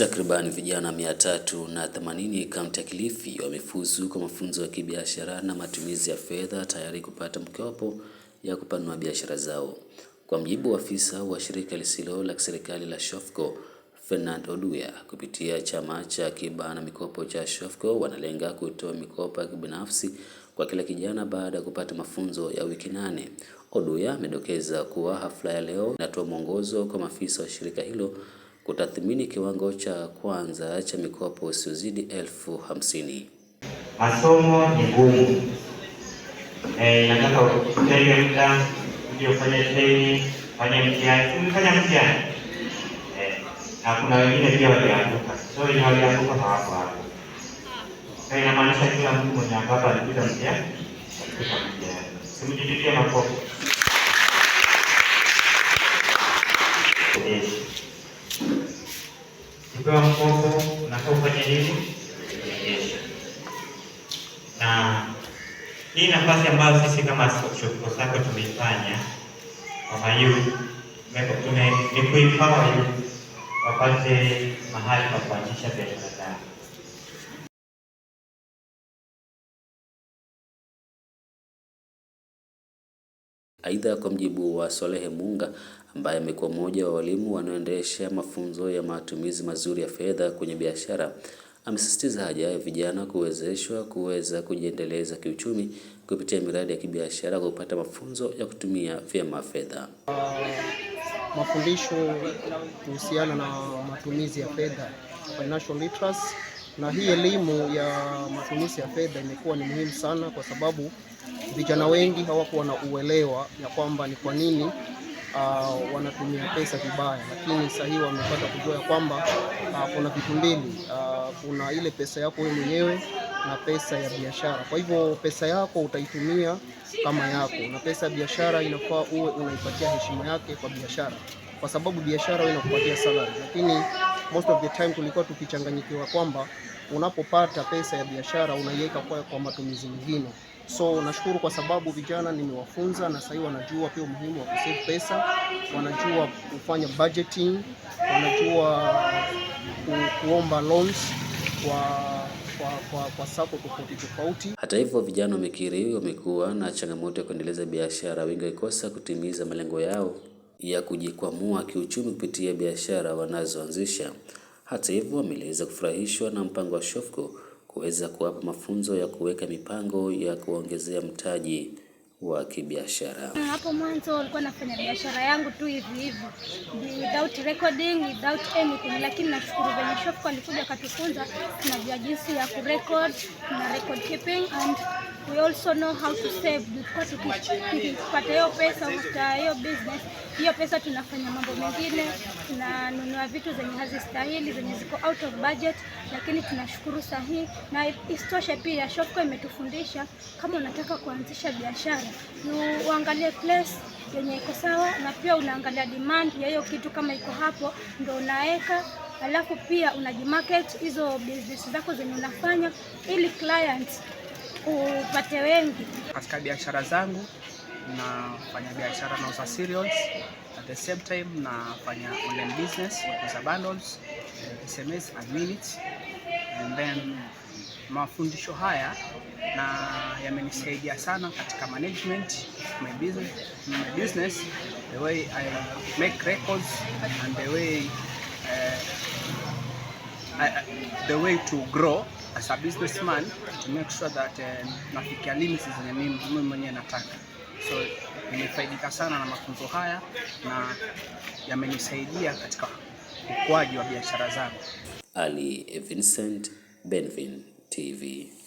Takriban vijana mia tatu na themanini kaunti ya Kilifi wamefuzu kwa mafunzo ya kibiashara na matumizi ya fedha tayari kupata mkopo ya kupanua biashara zao. Kwa mjibu wa afisa wa shirika lisilo la kiserikali la Shofco, Fernand Oduya, kupitia chama cha akiba na mikopo cha Shofco, wanalenga kutoa mikopo ya kibinafsi kwa kila kijana baada ya kupata mafunzo ya wiki nane. Oduya amedokeza kuwa hafla ya leo inatoa mwongozo kwa maafisa wa shirika hilo kutathmini kiwango cha kwanza cha mikopo usiozidi elfu hamsini. Masomo ni ngumu, eh, nataka utenga muda uje ufanye training, fanya mtihani, umefanya mtihani eh, na kuna wengine pia walianguka, so wenye walianguka hawako hapo. Sasa eh, inamaanisha kila mtu mwenye ambapo alipita mtihani alipita mtihani, simjipigie makofi. Ukipewa mkopo unafaa kufanya nini? Na hii nafasi ambayo sisi kama Shop Sako tumeifanya kwamba ni kuipawa wapate mahali pa kuanzisha biashara Aidha, kwa mjibu wa Solehe Munga ambaye amekuwa mmoja wa walimu wanaoendesha mafunzo ya matumizi mazuri ya fedha kwenye biashara, amesisitiza haja ya vijana kuwezeshwa kuweza kujiendeleza kiuchumi kupitia miradi ya kibiashara kwa kupata mafunzo ya kutumia vyema fedha. Mafundisho kuhusiana na matumizi ya fedha, financial literacy, na hii elimu ya matumizi ya fedha imekuwa ni muhimu sana kwa sababu vijana wengi hawakuwa na uelewa ya kwamba ni kwa nini uh, wanatumia pesa vibaya, lakini sasa hivi wamepata kujua ya kwamba uh, kuna vitu mbili uh, kuna ile pesa yako wewe mwenyewe na pesa ya biashara. Kwa hivyo pesa yako utaitumia kama yako, na pesa ya biashara inafaa uwe unaipatia heshima yake kwa biashara, kwa sababu biashara wewe inakupatia salary, lakini most of the time tulikuwa tukichanganyikiwa kwamba unapopata pesa ya biashara unaiweka kwa, kwa matumizi mengine. So nashukuru kwa sababu vijana nimewafunza, na sasa hivi wanajua pia umuhimu wa kusave pesa, wanajua kufanya budgeting, wanajua ku, kuomba loans kwa kwa, kwa sako tofauti tofauti. Hata hivyo, vijana wamekiri wamekuwa na changamoto ya kuendeleza biashara, wengi wakikosa kutimiza malengo yao ya kujikwamua kiuchumi kupitia biashara wanazoanzisha. Hata hivyo, wameeleza kufurahishwa na mpango wa Shofco kuweza kuwapa mafunzo ya kuweka mipango ya kuongezea mtaji wa kibiashara. Hapo mwanzo walikuwa nafanya biashara yangu tu hivi hivi without recording, without anything, lakini nashukuru venye Shop alikuja akatufunza, tunajua jinsi ya kurecord na record keeping and we also know how to save. Tukipata hiyo pesa after hiyo business, hiyo pesa tunafanya mambo mengine, tunanunua vitu zenye hazistahili zenye ziko out of budget, lakini tunashukuru sahihi. Na isitoshe pia Shofco imetufundisha kama unataka kuanzisha biashara uangalie place yenye iko sawa, na pia unaangalia demand ya hiyo kitu kama iko hapo, ndio unaweka alafu pia unajimarket hizo business zako zenye unafanya ili clients kupate wengi. Katika biashara zangu nafanya biashara na uza cereals, at the same time nafanya online business kuuza bundles, SMS and minutes and then mafundisho haya na yamenisaidia sana katika management my business, my business the way I make records and the way uh, I, the way to grow as a businessman to make sure that eh, nafikia limits zenye mimi mwenyewe nataka. So nimefaidika sana na mafunzo haya na yamenisaidia katika ukuaji wa biashara zangu. Ali Vincent, Benvin TV.